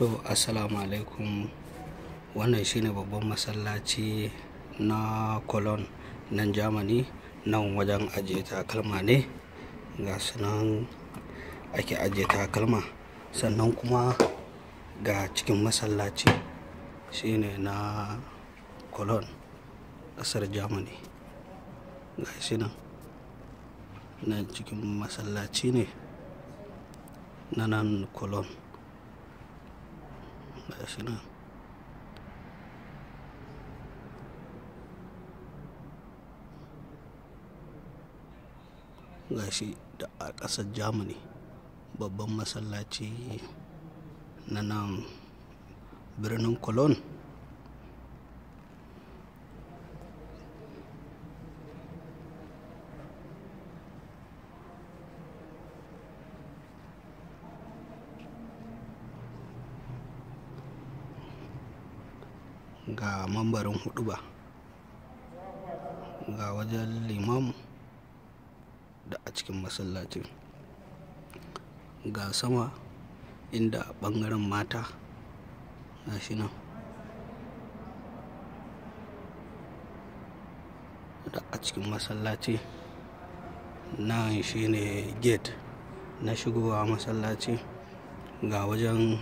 to assalamu alaikum wannan shine babban masallaci na cologne nan germany nan wajen ajiye takalma ne ga nan ake ajiye takalma sannan kuma ga cikin masallaci shine na cologne kasar germany ga shi nan nan cikin masallaci ne na nan cologne gashi nan gashi da a ƙasar germany babban masallaci na nan birnin cologne ga mambarin hudu ba ga wajen limam da a cikin masallacin ga sama inda bangaren mata na shi nan da a cikin masallaci nan shi ne gate na shigowa masallaci ga wajen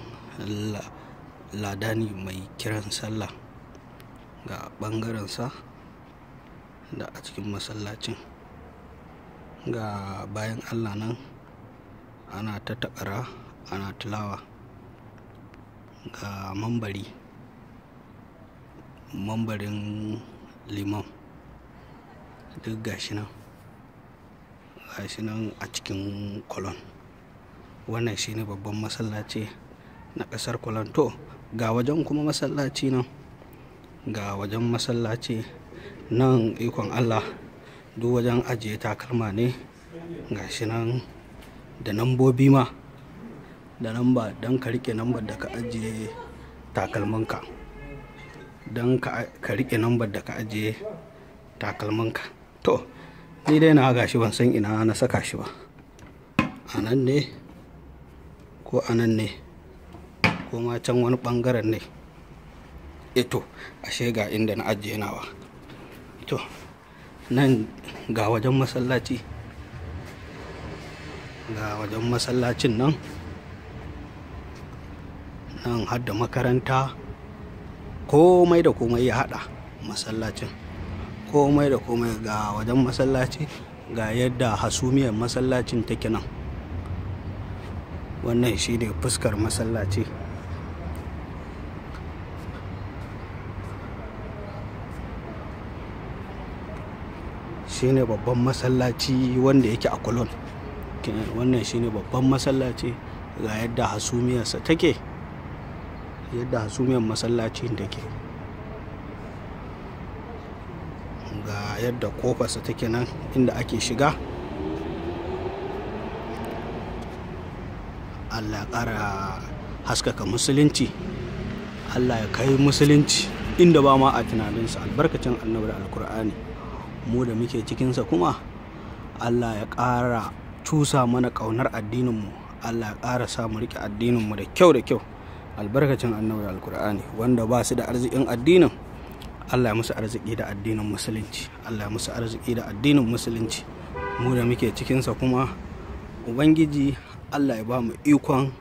ladani mai kiran sallah ga ɓangarensa da a cikin masallacin ga bayan allah nan ana ta takara ana tilawa ga mambari mambarin limon duk gashi nan gashi nan a cikin kolon wannan shine babban masallaci na ƙasar kolon to ga wajen kuma masallaci nan ga wajen masallaci nan ikon allah duk wajen ajiye takalma ne ga shi nan da nambobi ma da namba don ka rike nambar da ka ajiye ka, don ka rike nambar da ka ajiye ka. to ni dai na gashi ban san ina na saka shi ba a nan ne ko a nan ne ko ma can wani bangaren ne eto eh ashe ga inda na ajiye nawa to nan ga wajen masallaci ga wajen masallacin nan nan har da makaranta komai da komai ya hada masallacin komai da komai ga wajen masallaci ga yadda hasumiyar masallacin take nan wannan shi ne fuskar masallaci shine babban masallaci wanda yake a kolon wannan shine babban masallaci ga yadda hasumiyarsa take yadda hasumiyar masallacin take ga yadda kofarsa take nan inda ake shiga allah ƙara haskaka musulunci allah ya kai musulunci inda ba ma a tunaninsa albarkacin annabar alkur'ani mu da muke cikinsa kuma allah ya ƙara cusa mana ƙaunar addininmu allah ya ƙara sa mu riƙe addininmu da kyau da kyau albarkacin annabi alkur'ani wanda ba su da arzikin addinin allah ya musu arziki da addinin musulunci allah ya musu arziki da addinin musulunci mu da muke cikinsa kuma ubangiji allah ya ba mu ikon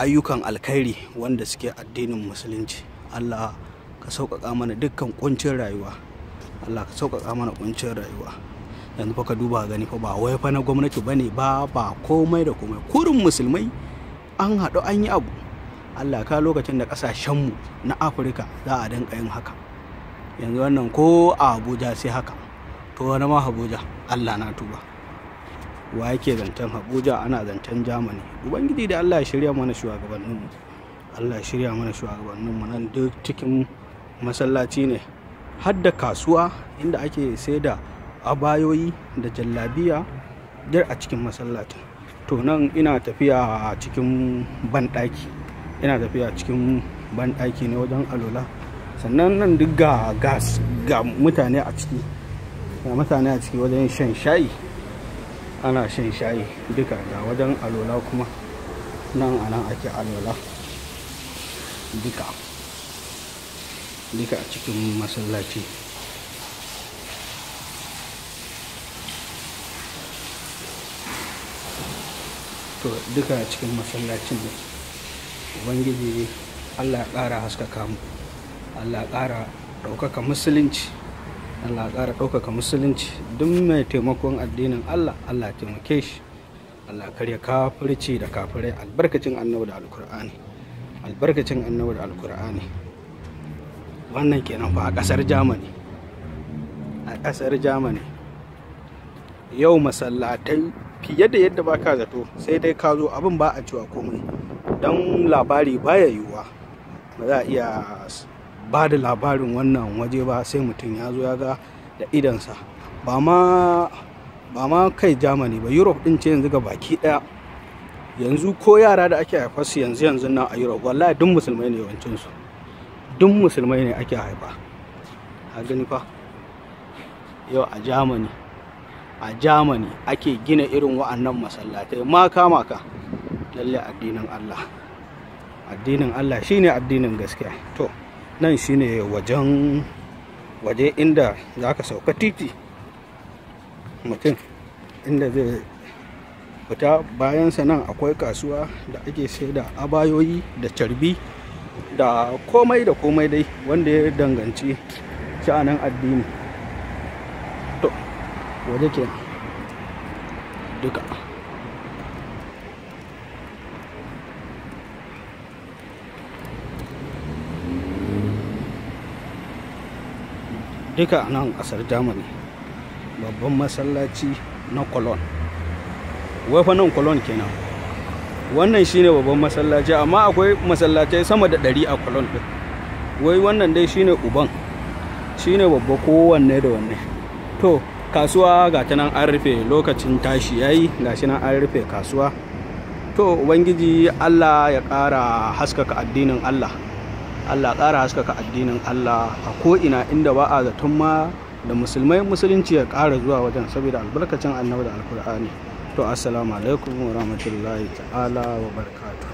ayyukan alkhairi wanda suke addinin musulunci allah ka sauƙaƙa mana dukkan ƙuncin rayuwa Allah ka sauƙaƙa mana kuncin rayuwa yanzu fa ka duba gani fa ba wai fa na gwamnati bane ba ba komai da komai kurin musulmai an haɗu an yi abu Allah ka lokacin da ƙasashenmu na Afirka za a dinka yin haka yanzu wannan ko a Abuja sai haka to wani ma Abuja Allah na tuba wa yake zancen Abuja ana zancen Jamani. ubangiji da Allah ya shirya mana shugabanninmu Allah ya shirya mana shugabanninmu nan duk cikin masallaci ne har da kasuwa inda ake sai da abayoyi da jallabiya jar a cikin masallacin to nan ina tafiya a cikin banɗaki ina tafiya a cikin banɗaki ne wajen alola sannan nan duk ga gas ga mutane a ciki ga mutane a ciki wajen shan shayi ana shan shayi duka ga wajen alola kuma nan nan ake alola duka duka a cikin masallaci to duka a cikin masallacin ne ubangiji allah ƙara haskaka mu allah ƙara ɗaukaka musulunci allah ƙara daukaka musulunci duk mai taimakon addinin allah allah taimake shi allah karya kafirci da kafirai albarkacin annabi da alkur'ani albarkacin annabi da alkur'ani wannan kenan fa a kasar germany a kasar germany yau masallatai fiye da yadda ba ka zato sai dai ka zo abin ba a cewa komai don labari baya yiwuwa ba za a iya ba da labarin wannan waje ba sai mutum ya zo ya ga da idansa ba ma ba ma kai germany ba europe din ce yanzu ga baki daya yanzu ko yara da ake haifarsu yanzu yanzu nan a europe wallahi duk musulmai ne yawancinsu duk musulmai ne ake haifa a gani fa yau a germany a germany ake gina irin wa'annan masallatai maka maka ka lalle addinin allah addinin allah shine addinin gaskiya to nan shine wajen waje inda za ka sauka titi mutum inda zai fita bayansa nan akwai kasuwa da ake sai da abayoyi da carbi da komai da komai dai wanda ya danganci sha'anin addini to waje ke duka duka nan kasar germany babban masallaci na cologne wai fa nan cologne kenan wannan shine babban masallaci amma akwai masallacai sama da ɗari a kolon ɗin wai wannan dai shine uban shine babba kowanne da wanne to kasuwa ga ta nan an rufe lokacin tashi yayi ga shi nan an rufe kasuwa to ubangiji allah ya ƙara haskaka addinin allah allah ƙara haskaka addinin allah a ko ina inda ba a zaton ma da musulmai musulunci ya ƙara zuwa wajen saboda albarkacin annabi da alkur'ani to assalamu alaikum wa rahmatullahi ta'ala wa barakatuh